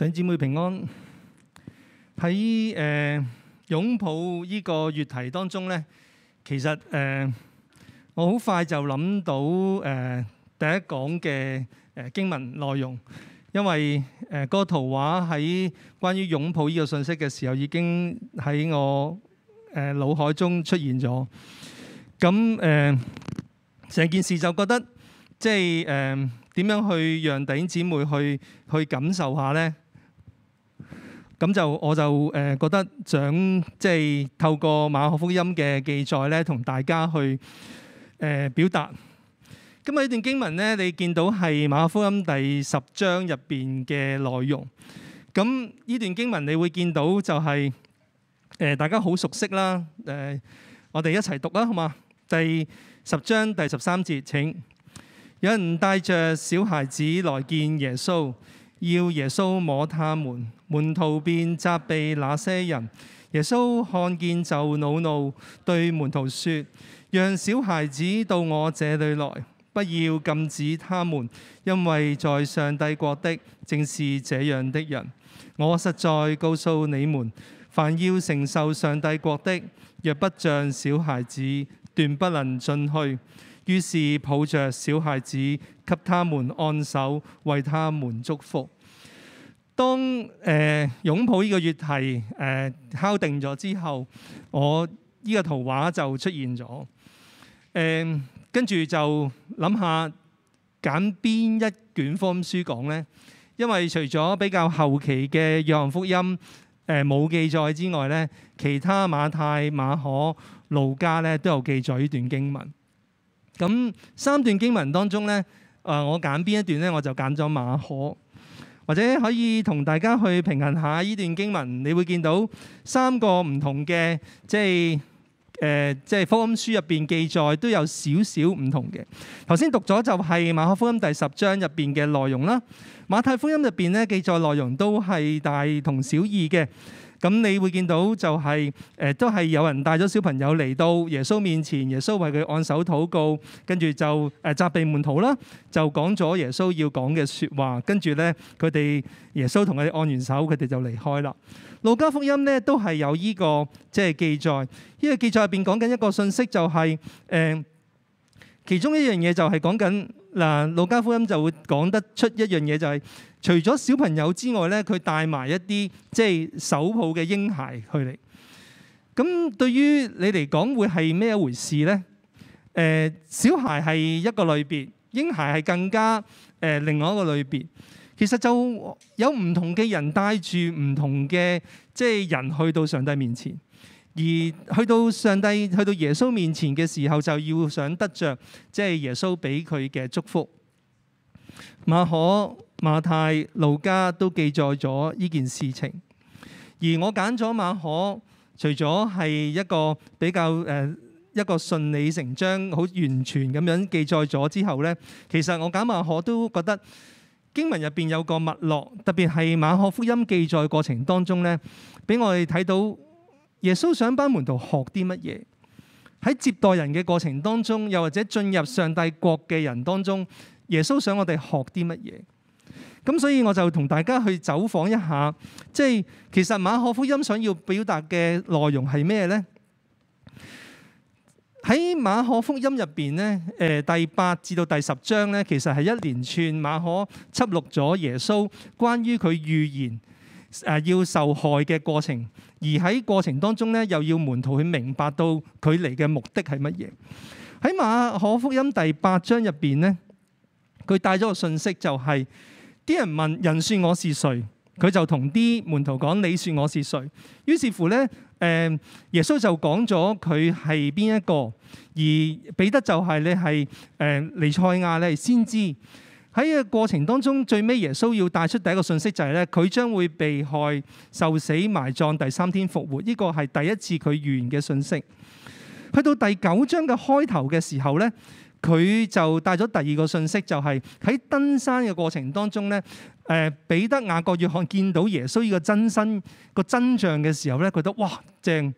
弟兄姊妹平安。喺誒擁抱呢個月題當中咧，其實誒我好快就諗到誒第一講嘅誒經文內容，因為誒個圖畫喺關於擁抱呢個信息嘅時候已經喺我誒腦海中出現咗。咁誒成件事就覺得即係誒點樣去讓弟兄姊妹去去感受下咧？咁就我就誒覺得想即係透過馬可福音嘅記載咧，同大家去誒表達。咁啊，呢段經文咧，你見到係馬可福音第十章入邊嘅內容。咁呢段經文，你會見到就係誒大家好熟悉啦。誒，我哋一齊讀啦，好嘛？第十章第十三節，請有人帶著小孩子來見耶穌。要耶穌摸他們，門徒便責備那些人。耶穌看見就惱怒，怒，對門徒說：“讓小孩子到我這裏來，不要禁止他們，因為在上帝國的正是這樣的人。”我實在告訴你們，凡要承受上帝國的，若不像小孩子，斷不能進去。於是抱着小孩子，給他們按手，為他們祝福。當誒、呃、擁抱呢個月題誒、呃、敲定咗之後，我呢個圖畫就出現咗。誒跟住就諗下揀邊一卷福音書講咧，因為除咗比較後期嘅《約翰福音》誒、呃、冇記載之外咧，其他馬太、馬可、路加咧都有記載呢段經文。咁三段經文當中咧，啊、呃，我揀邊一段咧，我就揀咗馬可，或者可以同大家去平衡下依段經文。你會見到三個唔同嘅，即係誒、呃，即係福音書入邊記載都有少少唔同嘅。頭先讀咗就係馬可福音第十章入邊嘅內容啦。馬太福音入邊咧記載內容都係大同小異嘅。咁你會見到就係、是、誒、呃、都係有人帶咗小朋友嚟到耶穌面前，耶穌為佢按手禱告，跟住就誒責、呃、備門徒啦，就講咗耶穌要講嘅説話，跟住咧佢哋耶穌同佢哋按完手，佢哋就離開啦。路加福音咧都係有呢、這個即係、就是、記載，呢、這個記載入邊講緊一個信息就係、是、誒、呃、其中一樣嘢就係講緊。嗱，路加福音就會講得出一樣嘢，就係除咗小朋友之外咧，佢帶埋一啲即係手抱嘅嬰孩去嚟。咁對於你嚟講會係咩一回事呢？誒、呃，小孩係一個類別，嬰孩係更加誒、呃、另外一個類別。其實就有唔同嘅人帶住唔同嘅即係人去到上帝面前。而去到上帝、去到耶穌面前嘅時候，就要想得着，即係耶穌俾佢嘅祝福。馬可、馬太、路加都記載咗呢件事情。而我揀咗馬可，除咗係一個比較誒、呃、一個順理成章、好完全咁樣記載咗之後呢，其實我揀馬可都覺得經文入邊有個脈絡，特別係馬可福音記載過程當中呢，俾我哋睇到。耶穌想班門徒學啲乜嘢？喺接待人嘅過程當中，又或者進入上帝國嘅人當中，耶穌想我哋學啲乜嘢？咁所以我就同大家去走訪一下，即係其實馬可福音想要表達嘅內容係咩呢？喺馬可福音入邊咧，誒、呃、第八至到第十章咧，其實係一連串馬可輯錄咗耶穌關於佢預言。誒、呃、要受害嘅過程，而喺過程當中咧，又要門徒去明白到佢嚟嘅目的係乜嘢。喺馬可福音第八章入邊咧，佢帶咗個信息就係、是、啲人問人說我是誰，佢就同啲門徒講你說我是誰。於是乎咧，誒、呃、耶穌就講咗佢係邊一個，而彼得就係你係誒、呃、尼賽亞咧先知。喺呢個過程當中，最尾耶穌要帶出第一個信息就係、是、咧，佢將會被害、受死、埋葬、第三天復活，呢個係第一次佢預言嘅信息。去到第九章嘅開頭嘅時候咧，佢就帶咗第二個信息、就是，就係喺登山嘅過程當中咧，誒彼得、雅各、約翰見到耶穌呢個真身、個真像嘅時候咧，覺得哇正！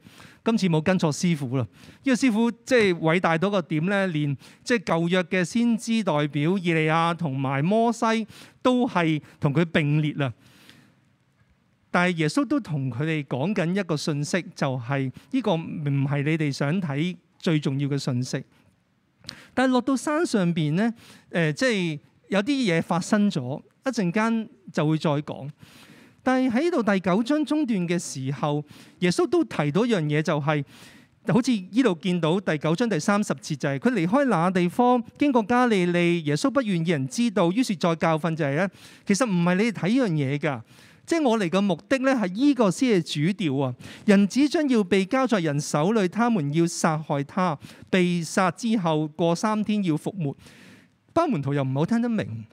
今次冇跟錯師傅啦！呢個師傅即係偉大到個點咧，連即係舊約嘅先知代表以利亞同埋摩西都係同佢並列啦。但係耶穌都同佢哋講緊一個訊息，就係呢個唔係你哋想睇最重要嘅訊息。但係落到山上邊咧，誒，即係有啲嘢發生咗，一陣間就會再講。但係喺呢度第九章中段嘅時候，耶穌都提到一樣嘢，就是，就係好似呢度見到第九章第三十節，就是，就係佢離開那地方，經過加利利，耶穌不願意人知道，於是再教訓就係、是、咧，其實唔係你哋睇依樣嘢噶，即係我嚟嘅目的咧，係依個先係主調啊！人子將要被交在人手裏，他們要殺害他，被殺之後過三天要復活。班門徒又唔好聽得明，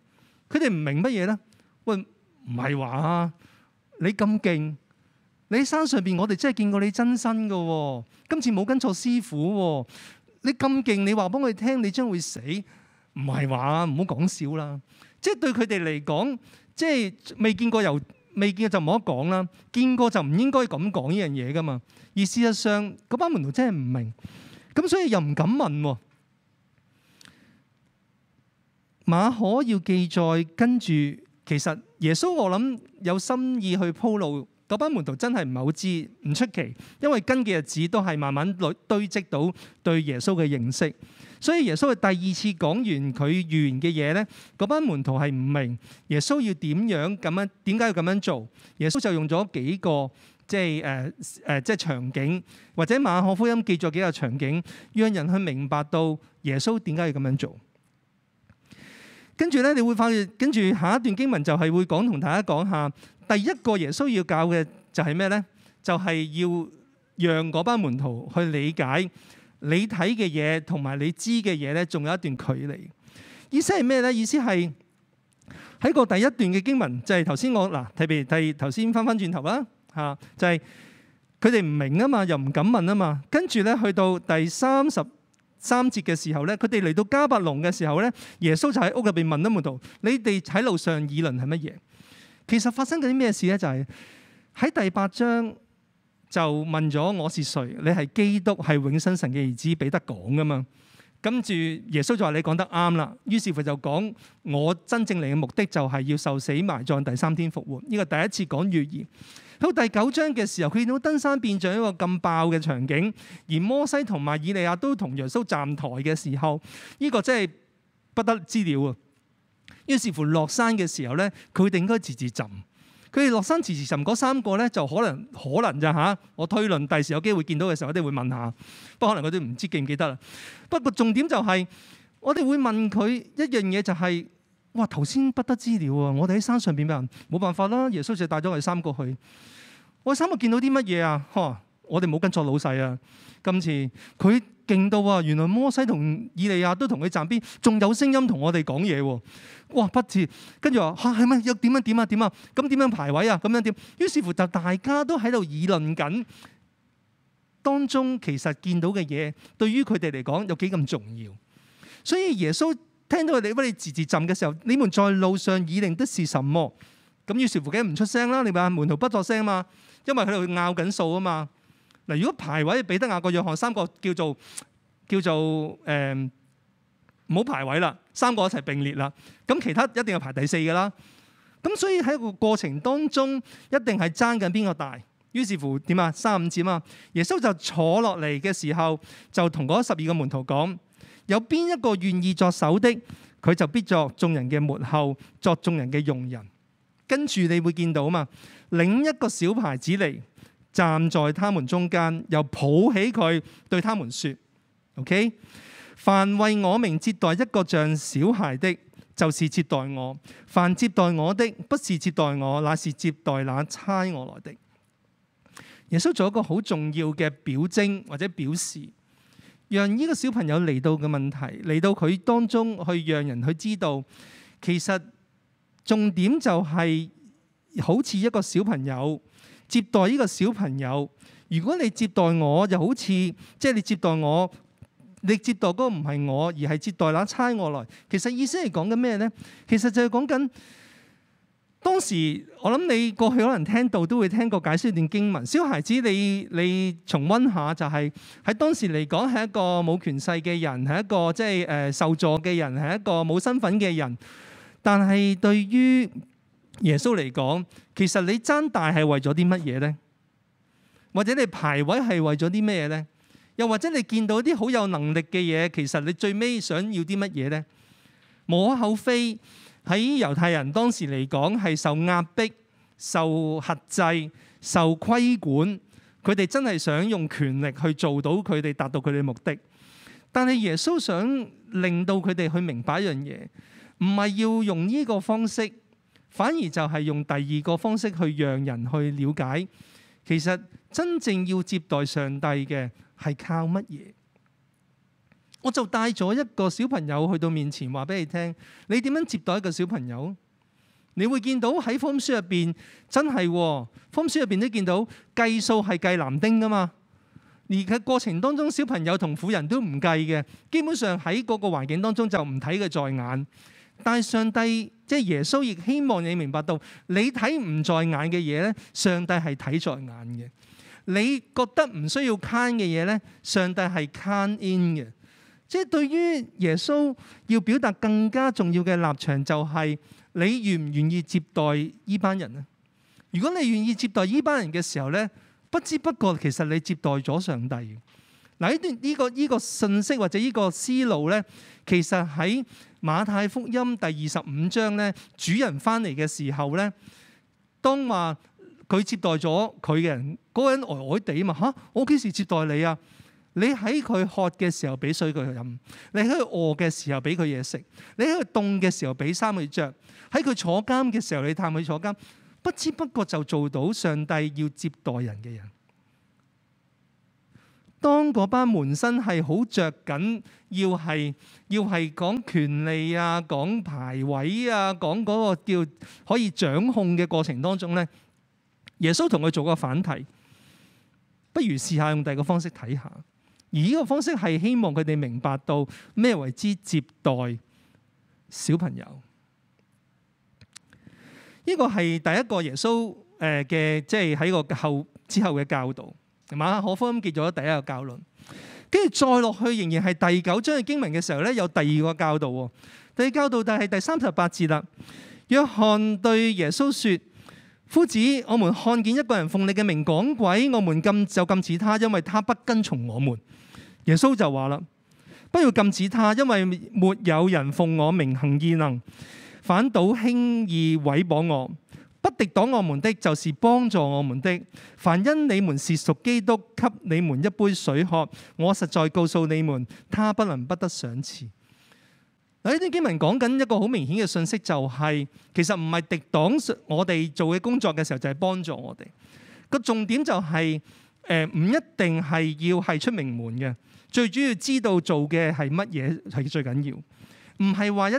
佢哋唔明乜嘢咧？喂，唔係話。你咁勁，你喺山上邊，我哋真係見過你真身嘅喎、哦。今次冇跟錯師傅喎、哦。你咁勁，你話俾我哋聽，你將會死，唔係話，唔好講笑啦。即係對佢哋嚟講，即係未見過又未見過，就唔好講啦。見過就唔應該咁講呢樣嘢噶嘛。而事實上，嗰班門徒真係唔明，咁所以又唔敢問喎、哦。馬可要記載，跟住。其實耶穌我諗有心意去鋪路，嗰班門徒真係唔係好知，唔出奇，因為跟嘅日子都係慢慢累堆積到對耶穌嘅認識，所以耶穌佢第二次講完佢預言嘅嘢呢，嗰班門徒係唔明耶穌要點樣咁樣，點解要咁樣做？耶穌就用咗幾個即係誒誒即係場景，或者馬可福音記咗幾個場景，讓人去明白到耶穌點解要咁樣做。跟住咧，你會發現，跟住下一段經文就係會講同大家講下，第一個耶穌要教嘅就係咩咧？就係要讓嗰班門徒去理解你睇嘅嘢同埋你知嘅嘢咧，仲有一段距離。意思係咩咧？意思係喺個第一段嘅經文，就係頭先我嗱，特別係頭先翻翻轉頭啦嚇，就係佢哋唔明啊嘛，又唔敢問啊嘛，跟住咧去到第三十。三節嘅時候咧，佢哋嚟到迦百農嘅時候咧，耶穌就喺屋入邊問阿門徒：你哋喺路上議論係乜嘢？其實發生緊啲咩事咧？就係、是、喺第八章就問咗：我是誰？你係基督，係永生神嘅兒子，彼得講㗎嘛。跟住耶穌就話：你講得啱啦。於是乎就講：我真正嚟嘅目的就係要受死埋葬，第三天復活。呢個第一次講預言。到第九章嘅時候，佢見到登山變咗一個咁爆嘅場景，而摩西同埋以利亞都同耶穌站台嘅時候，呢個真係不得之了啊！於是乎落山嘅時候咧，佢哋應該遲遲站。佢哋落山遲遲站嗰三個咧，就可能可能咋嚇？我推論第時有機會見到嘅時候，我哋會問下。不過可能佢哋唔知記唔記得啦。不過重點就係，我哋會問佢一樣嘢就係。哇！頭先不得之了啊，我哋喺山上邊咪，冇辦法啦。耶穌就帶咗我哋三個去。我三個見到啲乜嘢啊？嗬！我哋冇跟錯老細啊。今次佢勁到啊！原來摩西同以利亞都同佢站邊，仲有聲音同我哋講嘢。哇！不切！跟住話吓係咪又點樣點啊點啊？咁點樣排位啊？咁樣點？於是乎就大家都喺度議論緊，當中其實見到嘅嘢對於佢哋嚟講有幾咁重要。所以耶穌。聽到佢哋乜嘢字字斟嘅時候，你們在路上議定的是什麼？咁於是乎梗係唔出聲啦。你話門徒不作聲啊嘛，因為佢哋拗緊數啊嘛。嗱，如果排位彼得雅各約翰三個叫做叫做誒唔好排位啦，三個一齊並列啦。咁其他一定係排第四嘅啦。咁所以喺個過程當中一定係爭緊邊個大。於是乎點啊，三十五節啊嘛。耶穌就坐落嚟嘅時候，就同嗰十二個門徒講。有邊一個願意作首的，佢就必作眾人嘅末後，作眾人嘅用人。跟住你會見到嘛，另一個小孩子嚟，站在他們中間，又抱起佢，對他們說：OK，凡為我名接待一個像小孩的，就是接待我；凡接待我的，不是接待我，那是接待那差我來的。耶穌做一個好重要嘅表徵或者表示。讓呢個小朋友嚟到嘅問題，嚟到佢當中去，讓人去知道，其實重點就係、是、好似一個小朋友接待呢個小朋友。如果你接待我，又好似即係你接待我，你接待嗰個唔係我，而係接待那差我來。其實意思係講緊咩呢？其實就係講緊。當時我諗你過去可能聽到都會聽過解釋段經文。小孩子，你你重溫下，就係喺當時嚟講係一個冇權勢嘅人，係一個即係誒受助嘅人，係一個冇身份嘅人。但係對於耶穌嚟講，其實你爭大係為咗啲乜嘢呢？或者你排位係為咗啲乜嘢呢？又或者你見到啲好有能力嘅嘢，其實你最尾想要啲乜嘢呢？無可厚非。喺猶太人當時嚟講係受壓迫、受轄制、受規管，佢哋真係想用權力去做到佢哋達到佢哋目的。但係耶穌想令到佢哋去明白一樣嘢，唔係要用呢個方式，反而就係用第二個方式去讓人去了解，其實真正要接待上帝嘅係靠乜嘢？我就帶咗一個小朋友去到面前，話俾你聽，你點樣接待一個小朋友？你會見到喺封書入邊，真係、哦、封書入邊都見到計數係計男丁噶嘛？而佢過程當中，小朋友同婦人都唔計嘅。基本上喺嗰個環境當中就唔睇佢在眼。但係上帝即係、就是、耶穌，亦希望你明白到你睇唔在眼嘅嘢咧，上帝係睇在眼嘅。你覺得唔需要 count 嘅嘢咧，上帝係 count in 嘅。即係對於耶穌要表達更加重要嘅立場，就係你願唔願意接待依班人啊？如果你願意接待依班人嘅時候咧，不知不覺其實你接待咗上帝。嗱，呢段呢個呢個信息或者呢個思路咧，其實喺馬太福音第二十五章咧，主人翻嚟嘅時候咧，當話佢接待咗佢嘅人，嗰個人呆呆地啊嘛，嚇，我幾時接待你啊？你喺佢渴嘅時候俾水佢飲，你喺佢餓嘅時候俾佢嘢食，你喺佢凍嘅時候俾衫佢着，喺佢坐監嘅時候你探佢坐監，不知不覺就做到上帝要接待人嘅人。當嗰班門生係好着緊，要係要係講權力啊，講排位啊，講嗰個叫可以掌控嘅過程當中呢，耶穌同佢做個反題，不如試下用第二個方式睇下。而呢個方式係希望佢哋明白到咩為之接待小朋友。呢個係第一個耶穌誒嘅，即係喺個後之後嘅教導，係嘛？馬可福音記咗第一個教論。跟住再落去，仍然係第九章嘅經文嘅時候咧，有第二個教導喎。第二教導但係第三十八節啦。約翰對耶穌說：夫子，我們看見一個人奉你嘅名趕鬼，我們禁就禁止他，因為他不跟從我們。耶穌就話啦，不要禁止他，因為沒有人奉我名行異能，反倒輕易毀謗我。不敵擋我們的，就是幫助我們的。凡因你們是屬基督，給你們一杯水喝，我實在告訴你們，他不能不得賞賜。嗱，呢啲經文講緊一個好明顯嘅信息、就是，就係其實唔係敵擋我哋做嘅工作嘅時候，就係、是、幫助我哋。個重點就係、是、誒，唔、呃、一定係要係出名門嘅。最主要知道做嘅係乜嘢係最緊要，唔係話一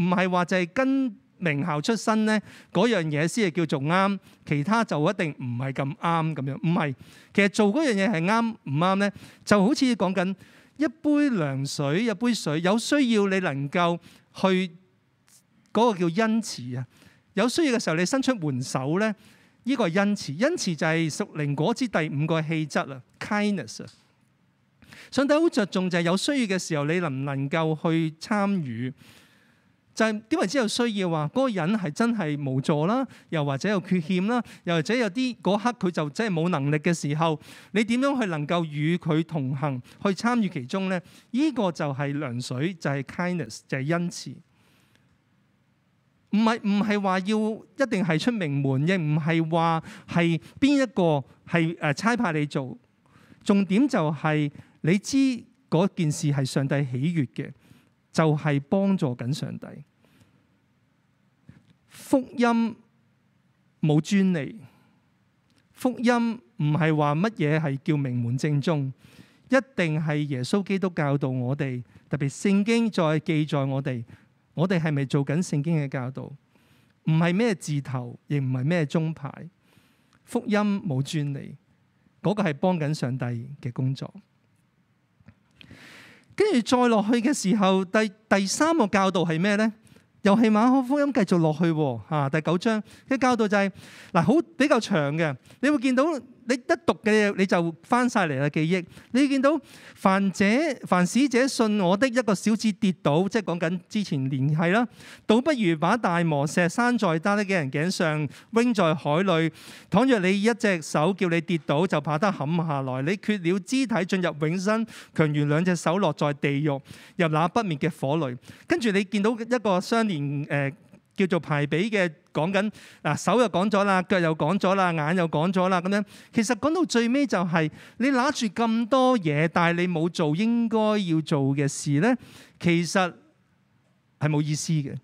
唔係話就係跟名校出身呢嗰樣嘢先係叫做啱，其他就一定唔係咁啱咁樣。唔係，其實做嗰樣嘢係啱唔啱呢？就好似講緊一杯涼水一杯水，有需要你能夠去嗰、那個叫恩慈啊，有需要嘅時候你伸出援手呢，呢、呢個係恩慈，恩慈就係屬靈果子第五個氣質啦，kindness。Kind 上帝好着重就係有需要嘅時候，你能唔能夠去參與？就係點為之有需要話，嗰個人係真係無助啦，又，又或者有缺陷啦，又或者有啲嗰刻佢就真係冇能力嘅時候，你點樣去能夠與佢同行，去參與其中呢？呢個就係涼水，就係 kindness，就係恩慈。唔係唔係話要一定係出名門，亦唔係話係邊一個係誒差派你做，重點就係、是。你知嗰件事係上帝喜悅嘅，就係、是、幫助緊上帝。福音冇專利，福音唔係話乜嘢係叫名門正宗，一定係耶穌基督教導我哋，特別聖經再記載我哋，我哋係咪做緊聖經嘅教導？唔係咩字頭，亦唔係咩宗派。福音冇專利，嗰、那個係幫緊上帝嘅工作。跟住再落去嘅時候，第第三個教導係咩咧？又係馬可福音繼續落去喎、啊，第九章嘅教導就係、是、嗱，好比較長嘅，你會見到。你一讀嘅嘢你就翻晒嚟嘅記憶。你見到凡者，凡使者信我的一個小子跌倒，即係講緊之前聯繫啦。倒不如把大磨石拴在單一嘅人頸上，扔在海裏。倘若你一隻手叫你跌倒，就怕得冚下來。你缺了肢體進入永生，強如兩隻手落在地獄，入那不滅嘅火裏。跟住你見到一個相連誒。呃叫做排比嘅，講緊嗱手又講咗啦，腳又講咗啦，眼又講咗啦，咁樣其實講到最尾就係你攞住咁多嘢，但係你冇做應該要做嘅事呢，其實係冇意思嘅。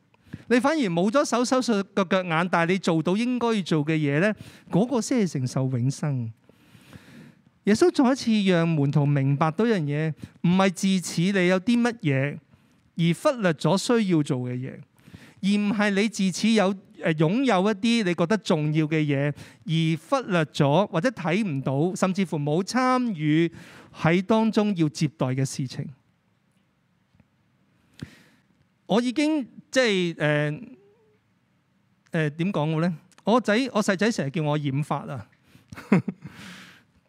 你反而冇咗手、手術、腳、腳眼，但係你做到應該要做嘅嘢呢，嗰個先係承受永生。耶穌再一次讓門徒明白到一樣嘢，唔係自恃你有啲乜嘢，而忽略咗需要做嘅嘢。而唔係你自此有誒、呃、擁有一啲你覺得重要嘅嘢，而忽略咗或者睇唔到，甚至乎冇參與喺當中要接待嘅事情。我已經即係誒誒點講好咧？我仔我細仔成日叫我染髮啊，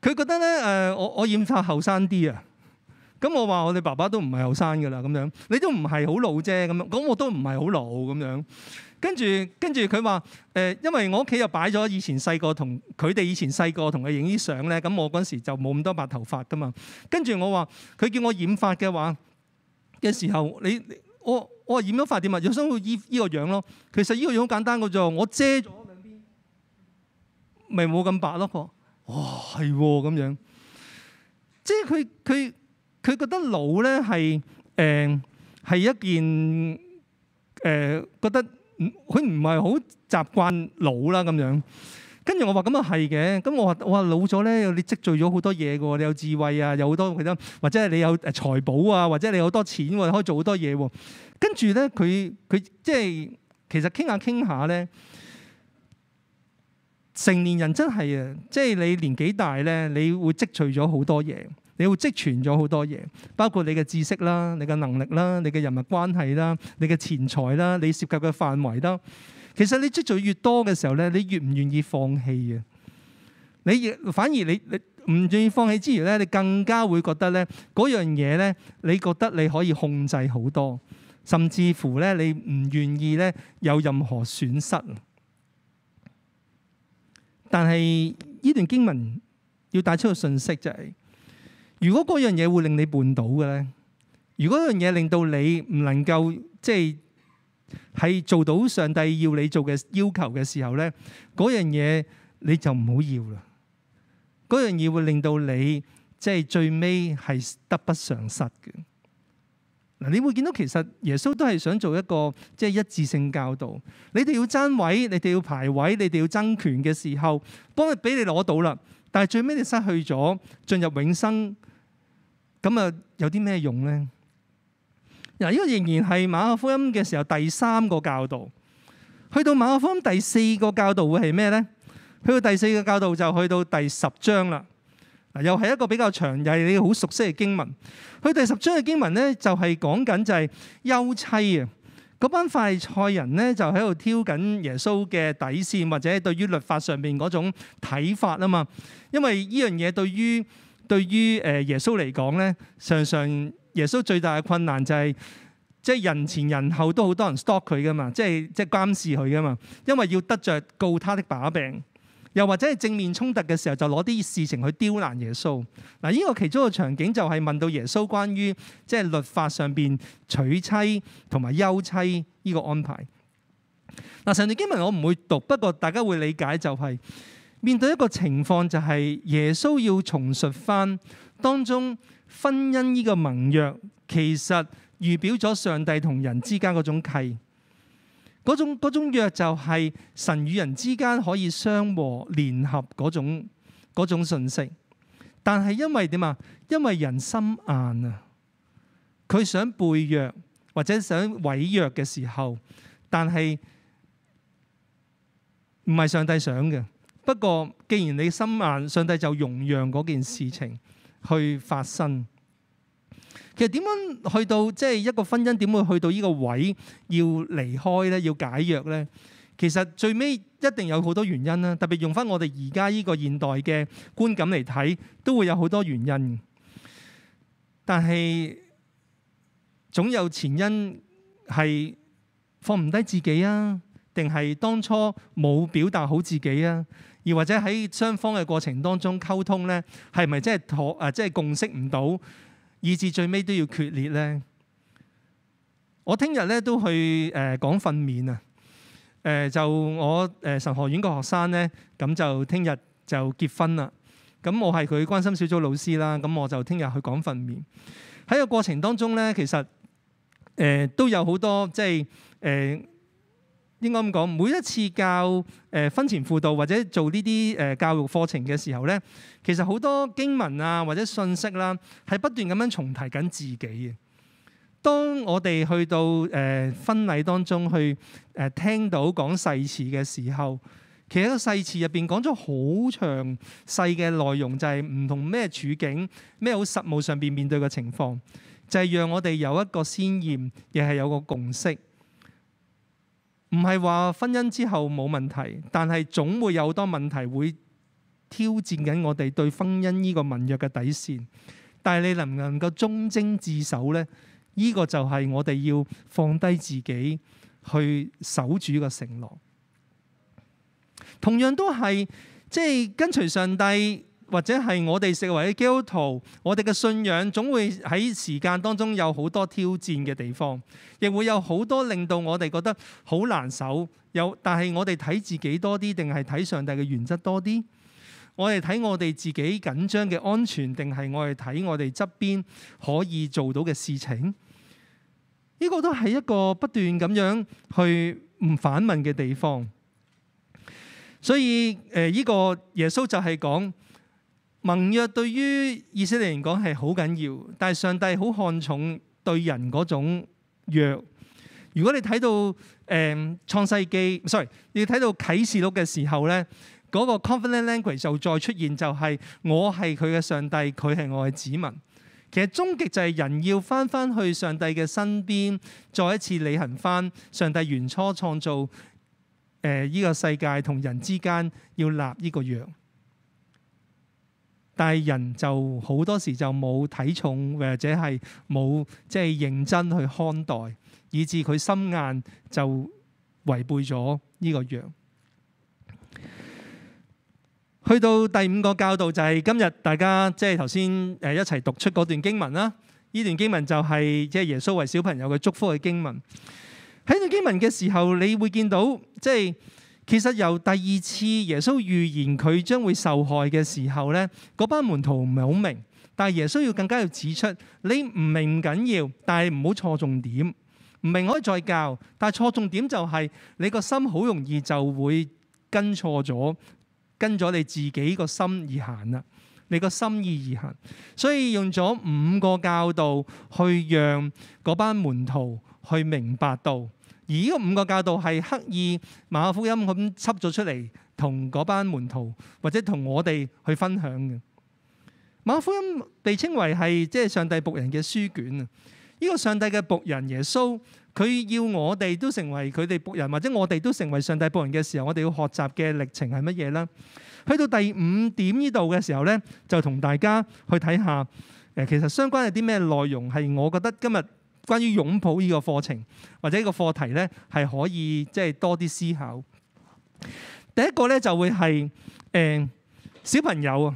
佢 覺得咧誒、呃、我我染髮後生啲啊。咁、嗯、我話我哋爸爸都唔係後生噶啦，咁樣你都唔係好老啫，咁樣咁我都唔係好老咁樣。跟住跟住佢話誒，因為我屋企又擺咗以前細個同佢哋以前細個同佢影啲相咧，咁我嗰時就冇咁多白頭髮噶嘛。跟住我話佢叫我染髮嘅話嘅時候，你，你我我話染咗髮點啊？我想換依依個樣咯。其實依個樣好簡單噶啫，我遮咗兩邊，咪冇咁白咯。哇，係咁、啊、樣，即係佢佢。佢覺得老咧係誒係一件誒、呃、覺得佢唔係好習慣老啦咁樣。跟住我話咁啊係嘅。咁我話我話老咗咧，你積聚咗好多嘢嘅喎。你有智慧啊，有好多其他，或者你有誒財寶啊，或者你有好多錢，你可以做好多嘢。跟住咧，佢佢即係其實傾下傾下咧，成年人真係啊，即係你年紀大咧，你會積聚咗好多嘢。你會積存咗好多嘢，包括你嘅知識啦、你嘅能力啦、你嘅人物關係啦、你嘅錢財啦、你涉及嘅範圍啦。其實你積聚越多嘅時候咧，你越唔願意放棄嘅。你反而你你唔願意放棄之餘咧，你更加會覺得咧嗰樣嘢咧，你覺得你可以控制好多，甚至乎咧你唔願意咧有任何損失。但係呢段經文要帶出個信息就係、是。如果嗰樣嘢會令你絆倒嘅咧，如果嗰樣嘢令到你唔能夠即係係做到上帝要你做嘅要求嘅時候咧，嗰樣嘢你就唔好要啦。嗰樣嘢會令到你即係最尾係得不償失嘅。嗱，你會見到其實耶穌都係想做一個即係一致性教導。你哋要爭位，你哋要排位，你哋要爭權嘅時候，當你俾你攞到啦，但係最尾你失去咗進入永生。咁啊，有啲咩用咧？嗱，呢個仍然係馬可福音嘅時候第三個教導。去到馬可福音第四個教導會係咩咧？去到第四個教導就去到第十章啦。嗱，又係一個比較長，又係你好熟悉嘅經文。佢第十章嘅經文咧，就係講緊就係休妻啊。嗰班法利賽人咧，就喺度挑緊耶穌嘅底線，或者對於律法上邊嗰種睇法啊嘛。因為呢樣嘢對於對於誒耶穌嚟講咧，常常耶穌最大嘅困難就係，即係人前人後都好多人 stalk 佢噶嘛，即係即係監視佢噶嘛，因為要得着告他的把柄。又或者係正面衝突嘅時候，就攞啲事情去刁難耶穌。嗱，依個其中嘅場景就係問到耶穌關於即係律法上邊娶妻同埋休妻呢個安排。嗱，聖經經文我唔會讀，不過大家會理解就係、是。面對一個情況就係、是、耶穌要重述翻當中婚姻呢個盟約，其實預表咗上帝同人之間嗰種契，嗰種嗰種約就係神與人之間可以相和聯合嗰種嗰種信息。但係因為點啊？因為人心硬啊！佢想背約或者想毀約嘅時候，但係唔係上帝想嘅。不過，既然你心硬，上帝就容讓嗰件事情去發生。其實點樣去到即係、就是、一個婚姻點會去到呢個位要離開呢？要解約呢？其實最尾一定有好多原因啦。特別用翻我哋而家呢個現代嘅觀感嚟睇，都會有好多原因。但係總有前因係放唔低自己啊，定係當初冇表達好自己啊？而或者喺雙方嘅過程當中溝通咧，係咪真係妥啊？即係共識唔到，以至最尾都要決裂咧。我聽日咧都去誒講訓勉啊！誒、呃呃、就我誒、呃、神學院個學生咧，咁就聽日就結婚啦。咁我係佢關心小組老師啦，咁我就聽日去講訓勉。喺個過程當中咧，其實誒、呃、都有好多即係誒。呃應該咁講，每一次教誒、呃、婚前輔導或者做呢啲誒教育課程嘅時候咧，其實好多經文啊或者信息啦、啊，係不斷咁樣重提緊自己嘅。當我哋去到誒、呃、婚禮當中去誒、呃、聽到講誓詞嘅時候，其實個誓詞入邊講咗好詳細嘅內容，就係唔同咩處境、咩好實務上邊面，面對嘅情況，就係、是、讓我哋有一個鮮豔，亦係有個共識。唔係話婚姻之後冇問題，但係總會有好多問題會挑戰緊我哋對婚姻呢個盟約嘅底線。但係你能唔能夠忠貞自守呢？呢、呢個就係我哋要放低自己去守住個承諾。同樣都係即係跟隨上帝。或者係我哋成為嘅基督徒，我哋嘅信仰總會喺時間當中有好多挑戰嘅地方，亦會有好多令到我哋覺得好難受。有，但係我哋睇自己多啲，定係睇上帝嘅原則多啲？我哋睇我哋自己緊張嘅安全，定係我哋睇我哋側邊可以做到嘅事情？呢個都係一個不斷咁樣去唔反問嘅地方。所以，誒、呃，呢個耶穌就係講。盟約對於以色列人嚟講係好緊要，但係上帝好看重對人嗰種約。如果你睇到誒、呃、創世記，唔係，要睇到啟示錄嘅時候咧，嗰、嗰個 confident language 就再出現、就係，就係我係佢嘅上帝，佢係我嘅子民。其實終極就係人要翻翻去上帝嘅身邊，再一次履行翻上帝原初創造誒依、呃，呢個世界同人之間要立呢個約。但係人就好多時就冇體重或者係冇即係認真去看待，以致佢心硬就違背咗呢個樣。去到第五個教導就係、是、今日大家即係頭先誒一齊讀出嗰段經文啦。呢段經文就係即係耶穌為小朋友嘅祝福嘅經文。喺呢段經文嘅時候，你會見到即係。就是其實由第二次耶穌預言佢將會受害嘅時候呢，嗰班門徒唔係好明，但係耶穌要更加要指出，你唔明唔緊要，但係唔好錯重點。唔明可以再教，但係錯重點就係你個心好容易就會跟錯咗，跟咗你自己個心而行啦。你個心意而行，所以用咗五個教導去讓嗰班門徒去明白到。而呢個五個教導係刻意馬可福音咁輯咗出嚟，同嗰班門徒或者同我哋去分享嘅。馬可福音被稱為係即係上帝僕人嘅書卷啊！呢個上帝嘅僕人耶穌，佢要我哋都成為佢哋僕人，或者我哋都成為上帝僕人嘅時候，我哋要學習嘅歷程係乜嘢呢？去到第五點呢度嘅時候咧，就同大家去睇下誒，其實相關有啲咩內容係我覺得今日。關於擁抱呢個課程或者呢個課題呢，係可以即係多啲思考。第一個呢，就會係誒、呃、小朋友啊，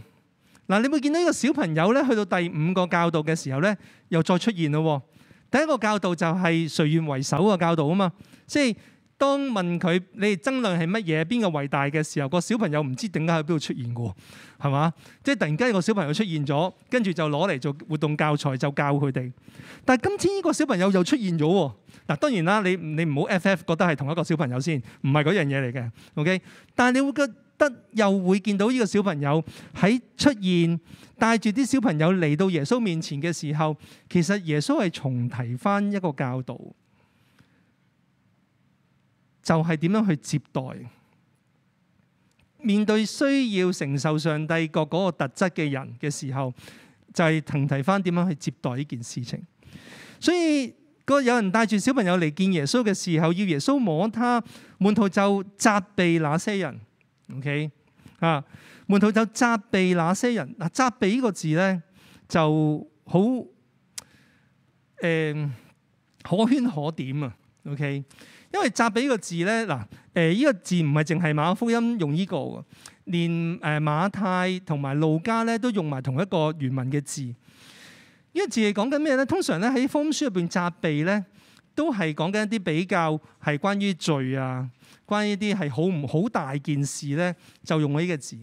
嗱你會見到呢個小朋友呢，去到第五個教導嘅時候呢，又再出現咯。第一個教導就係誰願為首嘅教導啊嘛，即係。當問佢你哋爭論係乜嘢，邊個偉大嘅時候，個小朋友唔知點解喺邊度出現過，係嘛？即係突然間有個小朋友出現咗，跟住就攞嚟做活動教材，就教佢哋。但係今天呢個小朋友又出現咗，嗱，當然啦，你你唔好 FF 覺得係同一個小朋友先，唔係嗰樣嘢嚟嘅，OK。但係你會覺得又會見到呢個小朋友喺出現，帶住啲小朋友嚟到耶穌面前嘅時候，其實耶穌係重提翻一個教導。就係點樣去接待，面對需要承受上帝國嗰個特質嘅人嘅時候，就係、是、騰提翻點樣去接待呢件事情。所以有人帶住小朋友嚟見耶穌嘅時候，要耶穌摸他。門徒就責備那些人。OK 啊，門徒就責備那些人。嗱，責備呢個字呢，就好誒、呃、可圈可點啊。OK。因為責備呢個字咧，嗱，誒依個字唔係淨係馬福音用呢個喎，連誒馬太同埋路加咧都用埋同一個原文嘅字。呢個字係講緊咩咧？通常咧喺福音書入邊責備咧，都係講緊一啲比較係關於罪啊，關於啲係好唔好大件事咧，就用呢個字。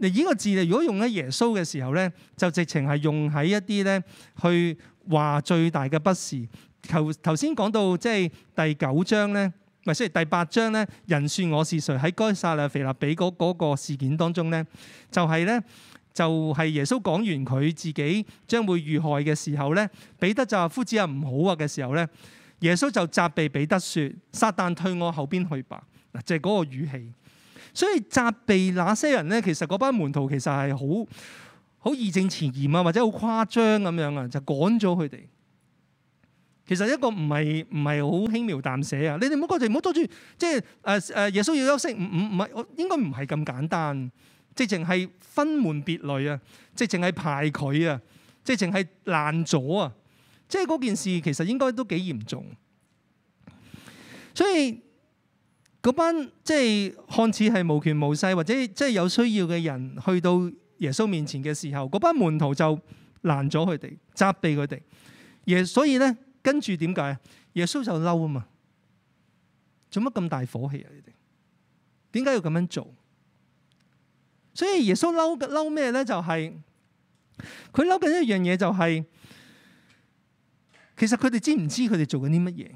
嗱，依個字啊，如果用喺耶穌嘅時候咧，就直情係用喺一啲咧去話最大嘅不是。頭頭先講到即係第九章咧，咪，係雖然第八章咧，人算我是誰喺該撒勒腓立比嗰個事件當中咧，就係、是、咧就係、是、耶穌講完佢自己將會遇害嘅時候咧，彼得就話：夫子啊，唔好啊嘅時候咧，耶穌就責備彼得說：撒但退我後邊去吧！嗱，就係、是、嗰個語氣。所以責備那些人咧，其實嗰班門徒其實係好好義正詞嚴啊，或者好誇張咁樣啊，就趕咗佢哋。其實一個唔係唔係好輕描淡寫啊！你哋唔好嗰陣唔好阻住，即係誒誒耶穌要休息，唔唔唔係，應該唔係咁簡單，即係淨係分門別類啊，即係淨係排佢啊，即係淨係攔咗啊！即係嗰件事其實應該都幾嚴重，所以嗰班即係看似係無權無勢或者即係有需要嘅人去到耶穌面前嘅時候，嗰班門徒就攔咗佢哋，責備佢哋。耶，所以咧。跟住點解耶穌就嬲啊嘛，做乜咁大火氣啊？你哋點解要咁樣做？所以耶穌嬲嘅嬲咩咧？就係佢嬲緊一樣嘢，就是，就係其實佢哋知唔知佢哋做緊啲乜嘢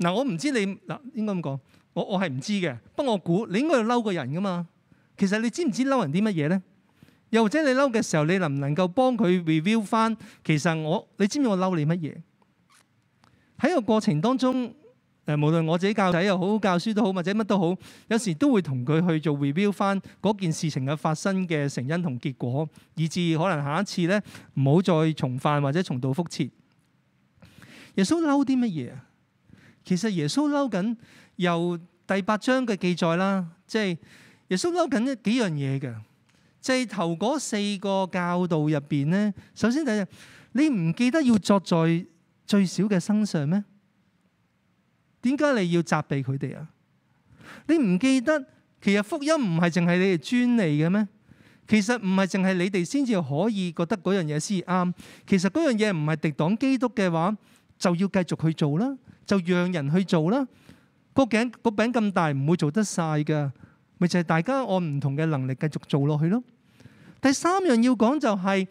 嗱？我唔知你嗱，應該咁講，我我係唔知嘅。不過我估你應該要嬲個人噶嘛。其實你知唔知嬲人啲乜嘢咧？又或者你嬲嘅時候，你能唔能夠幫佢 reveal 翻？其實我你知唔知我嬲你乜嘢？喺個過程當中、呃，無論我自己教仔又好、教書都好，或者乜都好，有時都會同佢去做 review 翻嗰件事情嘅發生嘅成因同結果，以致可能下一次咧唔好再重犯或者重蹈覆轍。耶穌嬲啲乜嘢啊？其實耶穌嬲緊由第八章嘅記載啦，即係耶穌嬲緊一幾樣嘢嘅。即係頭嗰四個教導入邊咧，首先第一，你唔記得要作在。最少嘅身上咩？點解你要責備佢哋啊？你唔記得其實福音唔係淨係你哋專利嘅咩？其實唔係淨係你哋先至可以覺得嗰樣嘢先啱。其實嗰樣嘢唔係敵擋基督嘅話，就要繼續去做啦，就讓人去做啦。個頸個餅咁大，唔會做得曬㗎，咪就係大家按唔同嘅能力繼續做落去咯。第三樣要講就係。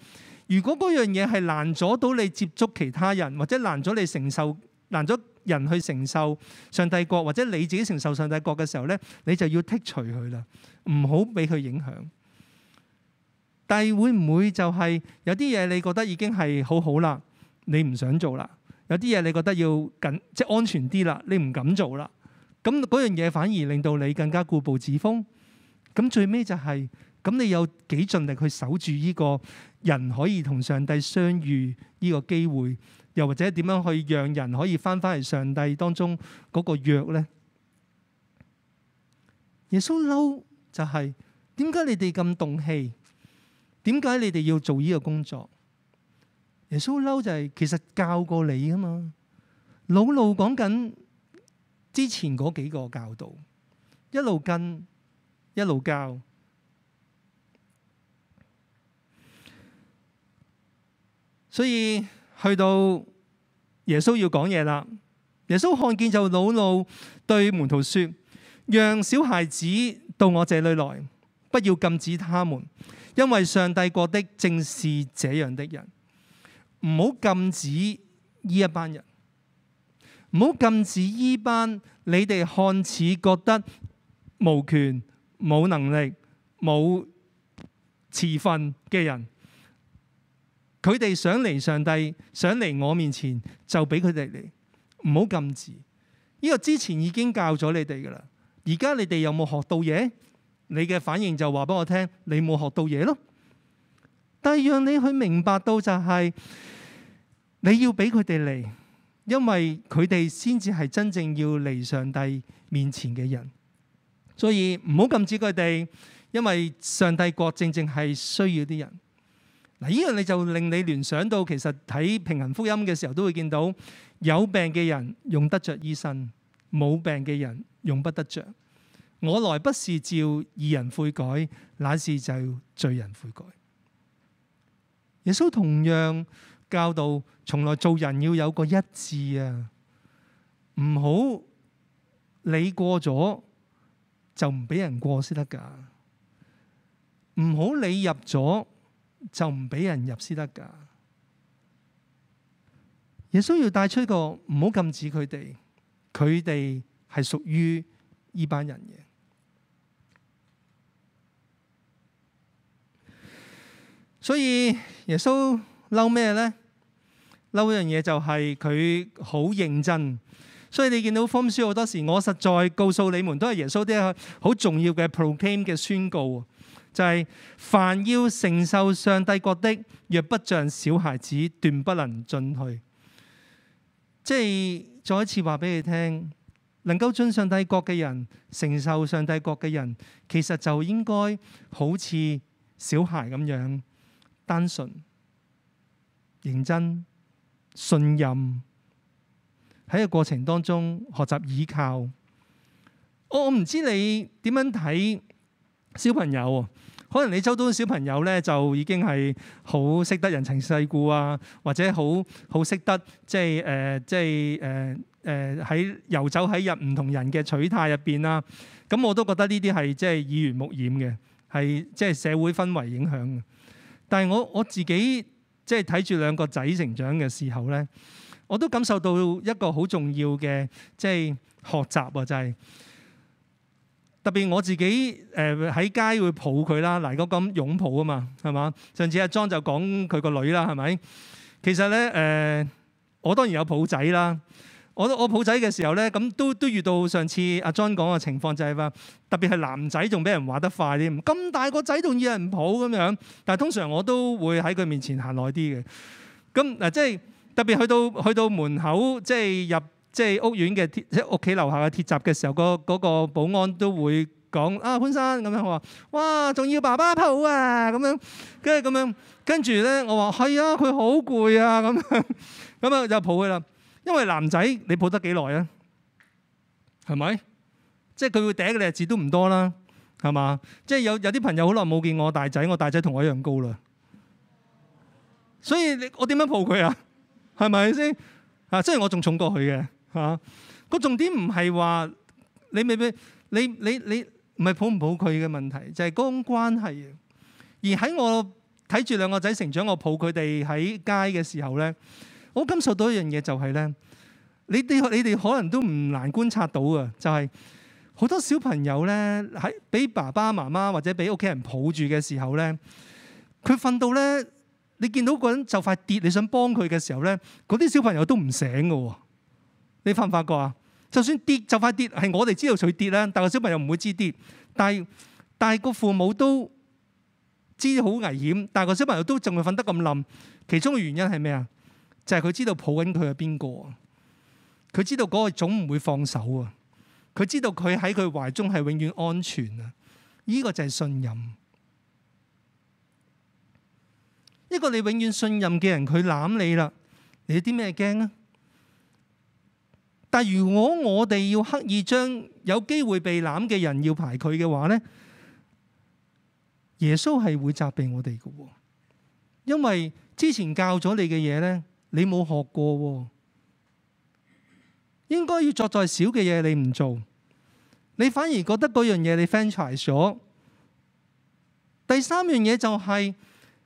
如果嗰樣嘢係難阻到你接觸其他人，或者難阻你承受，難阻人去承受上帝國，或者你自己承受上帝國嘅時候咧，你就要剔除佢啦，唔好俾佢影響。但係會唔會就係有啲嘢你覺得已經係好好啦，你唔想做啦；有啲嘢你覺得要緊，即係安全啲啦，你唔敢做啦。咁嗰樣嘢反而令到你更加固步自封。咁最尾就係。咁你有幾盡力去守住呢個人可以同上帝相遇呢個機會，又或者點樣去讓人可以翻返嚟，上帝當中嗰個約呢？耶穌嬲就係，點解你哋咁動氣？點解你哋要做呢個工作？耶穌嬲就係、是、其實教過你啊嘛，老路講緊之前嗰幾個教導，一路跟一路教。所以去到耶穌要講嘢啦，耶穌看見就惱怒對門徒説：讓小孩子到我這裡來，不要禁止他們，因為上帝國的正是這樣的人。唔好禁止呢一班人，唔好禁止呢班你哋看似覺得無權、冇能力、冇持份嘅人。佢哋想嚟上帝，想嚟我面前，就俾佢哋嚟，唔好禁止。呢個之前已經教咗你哋噶啦，而家你哋有冇學到嘢？你嘅反應就話俾我聽，你冇學到嘢咯。但係讓你去明白到就係、是，你要俾佢哋嚟，因為佢哋先至係真正要嚟上帝面前嘅人。所以唔好禁止佢哋，因為上帝國正正係需要啲人。嗱，呢樣你就令你聯想到，其實睇平行福音嘅時候都會見到，有病嘅人用得著醫生，冇病嘅人用不得著。我來不是召義人悔改，乃是就罪人悔改。耶穌同樣教導，從來做人要有個一致啊，唔好你過咗就唔俾人過先得㗎，唔好你入咗。就唔俾人入先得㗎。耶穌要帶出一個唔好禁止佢哋，佢哋係屬於呢班人嘅。所以耶穌嬲咩呢？嬲一樣嘢就係佢好認真。所以你見到封書好多時，我實在告訴你們，都係耶穌啲好重要嘅 proclaim 嘅宣告。就係、是，凡要承受上帝國的，若不像小孩子，斷不能進去。即係再一次話俾你聽，能夠進上帝國嘅人，承受上帝國嘅人，其實就應該好似小孩咁樣，單純、認真、信任。喺個過程當中學習依靠。我我唔知你點樣睇。小朋友啊，可能你周到啲小朋友咧，就已經係好識得人情世故啊，或者好好識得即係誒，即係誒誒喺遊走喺入唔同人嘅取態入邊啦。咁我都覺得呢啲係即係耳濡目染嘅，係即係社會氛圍影響嘅。但係我我自己即係睇住兩個仔成長嘅時候咧，我都感受到一個好重要嘅即係學習啊，就係、是。特別我自己誒喺街會抱佢啦，嗱嗰咁擁抱啊嘛，係嘛？上次阿莊就講佢個女啦，係咪？其實咧誒、呃，我當然有抱仔啦。我我抱仔嘅時候咧，咁都都遇到上次阿莊講嘅情況，就係，就係話特別係男仔仲畀人話得快啲，咁大個仔仲要人抱咁樣。但係通常我都會喺佢面前行耐啲嘅。咁嗱，即係特別去到去到門口，即係入。即係屋苑嘅鐵，即係屋企樓下嘅鐵閘嘅時候，嗰個嗰、嗰個保安都會講啊，潘生咁樣我。我話哇，仲要爸爸抱啊咁樣，跟住咁樣跟住咧，我話係啊，佢好攰啊咁樣咁啊，樣樣樣就抱佢啦。因為男仔你抱得幾耐啊？係咪？即係佢會嗲日子都唔多啦，係嘛？即係有有啲朋友好耐冇見我，我大仔，我大仔同我一樣高啦，所以你我點樣抱佢啊？係咪先啊？即係我仲重過佢嘅。吓，個重點唔係話你未必，你你你唔係抱唔抱佢嘅問題，就係嗰種關係啊。而喺我睇住兩個仔成長，我抱佢哋喺街嘅時候咧，我感受到一樣嘢，就係咧，你你你哋可能都唔難觀察到啊，就係好多小朋友咧喺，俾爸爸媽媽或者俾屋企人抱住嘅時候咧，佢瞓到咧，你見到個人就快跌，你想幫佢嘅時候咧，嗰啲小朋友都唔醒嘅。你發唔發覺啊？就算跌就快跌，係我哋知道佢跌啦，但個小朋友唔會知跌。但係但係個父母都知好危險，但個小朋友都仲會瞓得咁冧。其中嘅原因係咩啊？就係佢知道抱緊佢係邊個，佢知道嗰個總唔會放手啊！佢知道佢喺佢懷中係永遠安全啊！呢個就係信任。一個你永遠信任嘅人，佢攬你啦，你有啲咩驚啊？但如果我哋要刻意將有機會被攬嘅人要排佢嘅話呢，耶穌係會責備我哋嘅，因為之前教咗你嘅嘢呢，你冇學過，應該要作在少嘅嘢你唔做，你反而覺得嗰樣嘢你犯錯咗。第三樣嘢就係、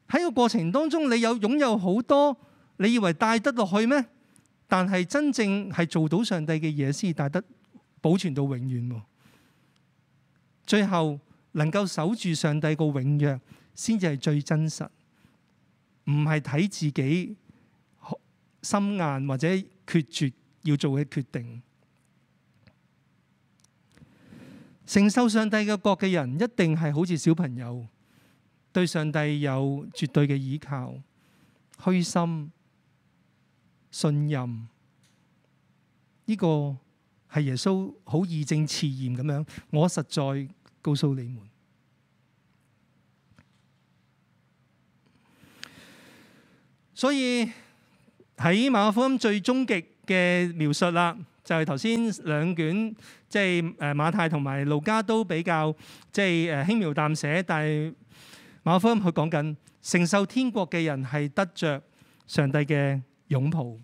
是、喺個過程當中，你有擁有好多，你以為帶得落去咩？但係真正係做到上帝嘅嘢，先至帶得保存到永遠。最後能夠守住上帝個永約，先至係最真實。唔係睇自己心硬或者決絕要做嘅決定。承受上帝嘅國嘅人，一定係好似小朋友，對上帝有絕對嘅依靠，虛心。信任呢個係耶穌好義正辭嚴咁樣，我實在告訴你們。所以喺馬可福音最終極嘅描述啦，就係頭先兩卷即係誒馬太同埋路加都比較即係誒輕描淡寫，但係馬可福音佢講緊承受天國嘅人係得着上帝嘅擁抱。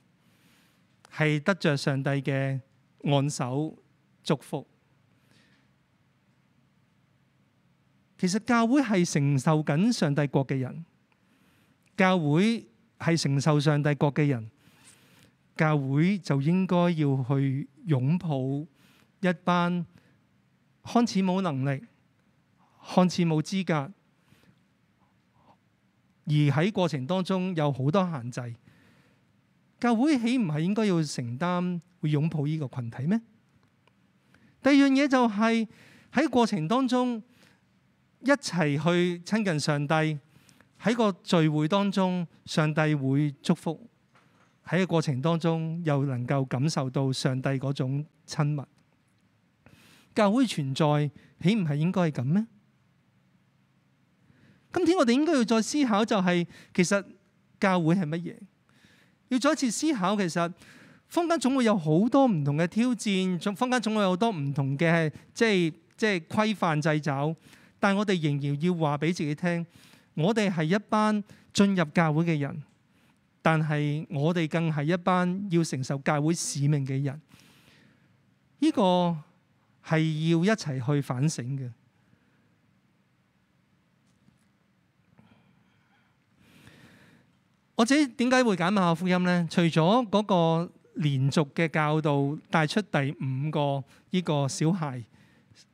係得着上帝嘅按手祝福。其實教會係承受緊上帝國嘅人，教會係承受上帝國嘅人，教會就應該要去擁抱一班看似冇能力、看似冇資格，而喺過程當中有好多限制。教會豈唔係應該要承擔會擁抱呢個群體咩？第二樣嘢就係、是、喺過程當中一齊去親近上帝喺個聚會當中，上帝會祝福，喺個過程當中又能夠感受到上帝嗰種親密。教會存在豈唔係應該係咁咩？今天我哋應該要再思考、就是，就係其實教會係乜嘢？要再一次思考，其實坊間總會有好多唔同嘅挑戰，坊間總會有好多唔同嘅即係即係規範制肘，但我哋仍然要話俾自己聽，我哋係一班進入教會嘅人，但係我哋更係一班要承受教會使命嘅人，呢個係要一齊去反省嘅。或者點解會揀馬可福音呢？除咗嗰個連續嘅教導帶出第五個呢個小孩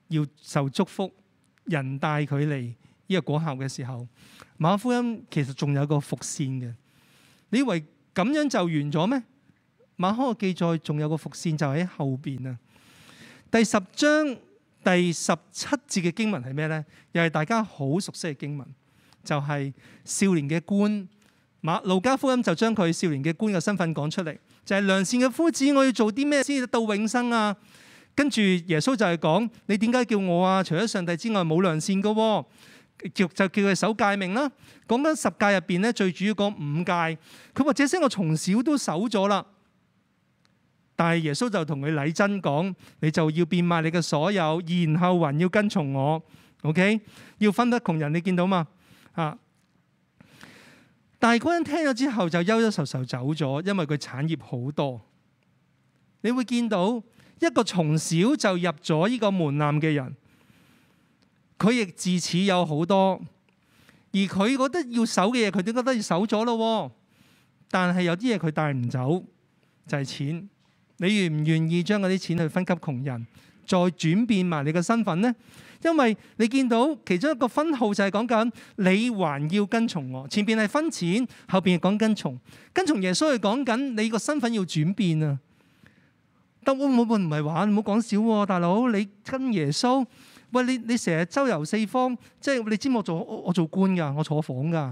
要受祝福，人帶佢嚟呢個果效嘅時候，馬可福音其實仲有個伏線嘅。你以為咁樣就完咗咩？馬可嘅記載仲有個伏線就喺後邊啊。第十章第十七節嘅經文係咩呢？又係大家好熟悉嘅經文，就係少年嘅官。馬路加福音就將佢少年嘅官嘅身份講出嚟，就係、是、良善嘅夫子，我要做啲咩先至到永生啊？跟住耶穌就係講你點解叫我啊？除咗上帝之外冇良善嘅喎、哦，叫就叫佢守誡命啦、啊。講緊十誡入邊咧，最主要講五誡。佢話這些我從小都守咗啦，但係耶穌就同佢禮真講，你就要變賣你嘅所有，然後還要跟從我。OK，要分得窮人，你見到嘛啊？但嗰人聽咗之後就悠悠愁愁走咗，因為佢產業好多。你會見到一個從小就入咗呢個門檻嘅人，佢亦自此有好多。而佢覺得要守嘅嘢，佢都覺得要守咗咯。但係有啲嘢佢帶唔走，就係錢。你願唔願意將嗰啲錢去分給窮人，再轉變埋你嘅身份呢？因為你見到其中一個分號就係講緊你還要跟從我，前邊係分錢，後邊係講跟從，跟從耶穌係講緊你個身份要轉變啊！但我冇，我唔係玩，唔好講少喎，大佬，你跟耶穌，喂，你你成日周遊四方，即係你知冇？我做我做官㗎，我坐房㗎，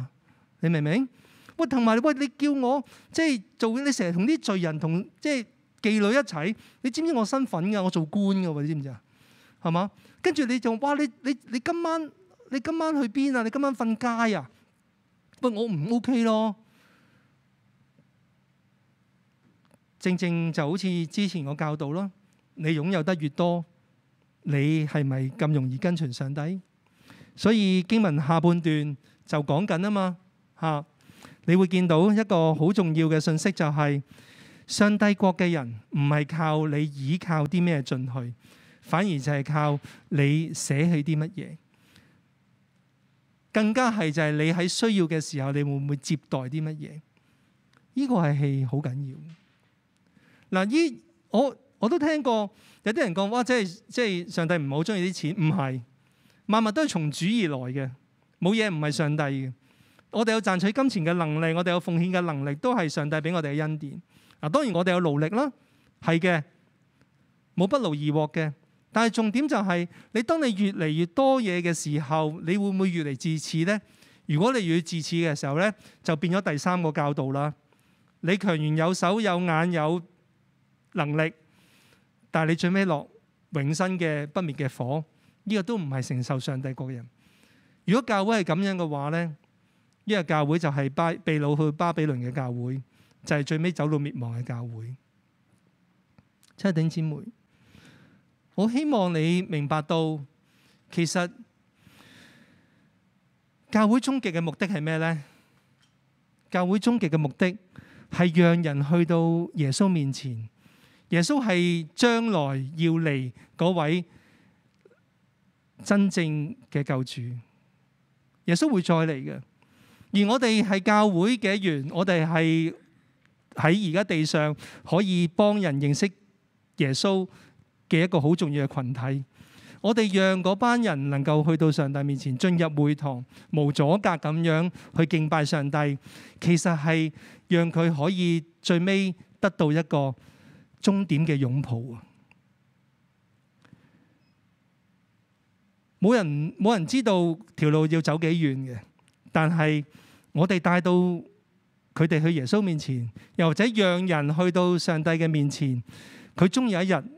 你明唔明？喂，同埋喂，你叫我即係做你成日同啲罪人同即係妓女一齊，你知唔知我身份㗎？我做官㗎，你知唔知啊？係嘛？跟住你仲哇！你你你今晚你今晚去邊啊？你今晚瞓街啊？喂，我唔 OK 咯！正正就好似之前我教導咯，你擁有得越多，你係咪咁容易跟隨上帝？所以經文下半段就講緊啊嘛吓，你會見到一個好重要嘅信息，就係上帝國嘅人唔係靠你倚靠啲咩進去。反而就係靠你捨棄啲乜嘢，更加係就係你喺需要嘅時候，你會唔會接待啲乜嘢？呢個係係好緊要。嗱，依我我都聽過有啲人講，哇！即係即係上帝唔好中意啲錢，唔係萬物都係從主而來嘅，冇嘢唔係上帝嘅。我哋有賺取金錢嘅能力，我哋有奉獻嘅能力，都係上帝俾我哋嘅恩典。嗱，當然我哋有勞力啦，係嘅，冇不勞而獲嘅。但係重點就係、是，你當你越嚟越多嘢嘅時候，你會唔會越嚟自恃呢？如果你越自恃嘅時候呢，就變咗第三個教導啦。你強完有手有眼有能力，但係你最尾落永生嘅不滅嘅火，呢、這個都唔係承受上帝國嘅人。如果教會係咁樣嘅話呢，呢、這個教會就係巴被擄去巴比倫嘅教會，就係、是、最尾走到滅亡嘅教會。七頂姊妹。我希望你明白到，其實教會終極嘅目的係咩呢？教會終極嘅目的係讓人去到耶穌面前，耶穌係將來要嚟嗰位真正嘅救主。耶穌會再嚟嘅，而我哋係教會嘅一員，我哋係喺而家地上可以幫人認識耶穌。嘅一個好重要嘅群體，我哋讓嗰班人能夠去到上帝面前，進入會堂，無阻隔咁樣去敬拜上帝，其實係讓佢可以最尾得到一個終點嘅擁抱啊！冇人，冇人知道條路要走幾遠嘅，但係我哋帶到佢哋去耶穌面前，又或者讓人去到上帝嘅面前，佢終有一日。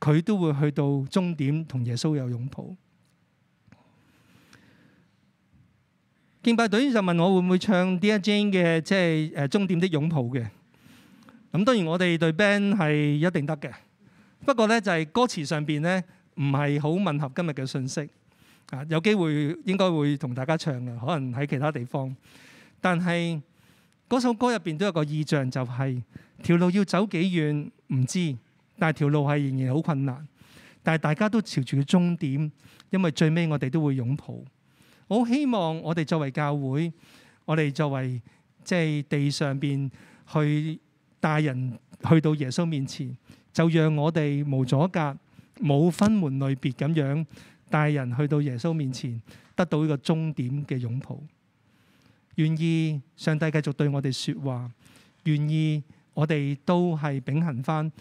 佢都會去到終點，同耶穌有擁抱。敬拜隊員就問我會唔會唱 Dear Jane 嘅即係誒終點的擁抱嘅。咁、嗯、當然我哋對 band 係一定得嘅，不過呢，就係、是、歌詞上邊呢，唔係好吻合今日嘅信息。啊，有機會應該會同大家唱嘅，可能喺其他地方。但係嗰首歌入邊都有個意象，就係、是、條路要走幾遠唔知。但係條路係仍然好困難，但係大家都朝住個終點，因為最尾我哋都會擁抱。我好希望我哋作為教會，我哋作為即係地上邊去帶人去到耶穌面前，就讓我哋無阻隔、冇分門類別咁樣帶人去到耶穌面前，得到呢個終點嘅擁抱。願意上帝繼續對我哋說話，願意我哋都係秉行翻。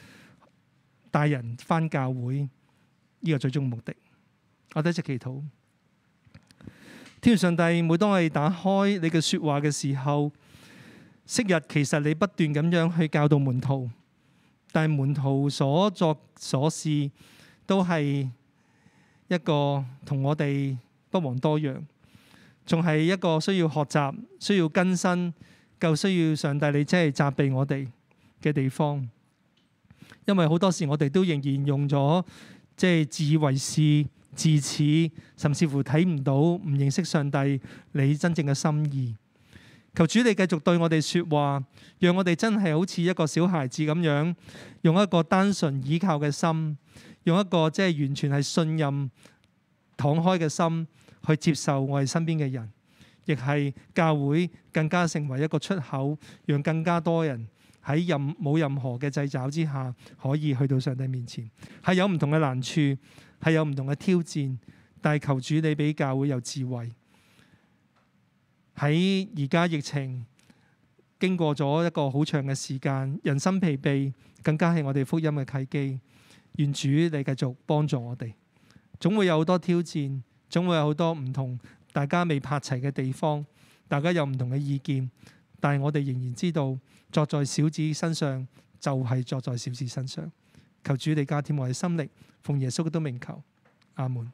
帶人翻教會，呢個最終目的。我哋一直祈禱，天上帝，每當我哋打開你嘅說話嘅時候，昔日其實你不斷咁樣去教導門徒，但係門徒所作所事都係一個同我哋不遑多讓，仲係一個需要學習、需要更新、夠需要上帝你真係責備我哋嘅地方。因為好多時我哋都仍然用咗即係自以為是、自恃甚至乎睇唔到、唔認識上帝你真正嘅心意。求主你繼續對我哋説話，讓我哋真係好似一個小孩子咁樣，用一個單純倚靠嘅心，用一個即係完全係信任、敞開嘅心去接受我哋身邊嘅人，亦係教會更加成為一個出口，讓更加多人。喺任冇任何嘅掣肘之下，可以去到上帝面前，係有唔同嘅難處，係有唔同嘅挑戰，但係求主你俾教會有智慧。喺而家疫情經過咗一個好長嘅時間，人心疲憊，更加係我哋福音嘅契機。願主你繼續幫助我哋。總會有好多挑戰，總會有好多唔同，大家未拍齊嘅地方，大家有唔同嘅意見，但係我哋仍然知道。作在小子身上，就係、是、作在小子身上。求主你加添我嘅心力，奉耶穌嘅名求，阿門。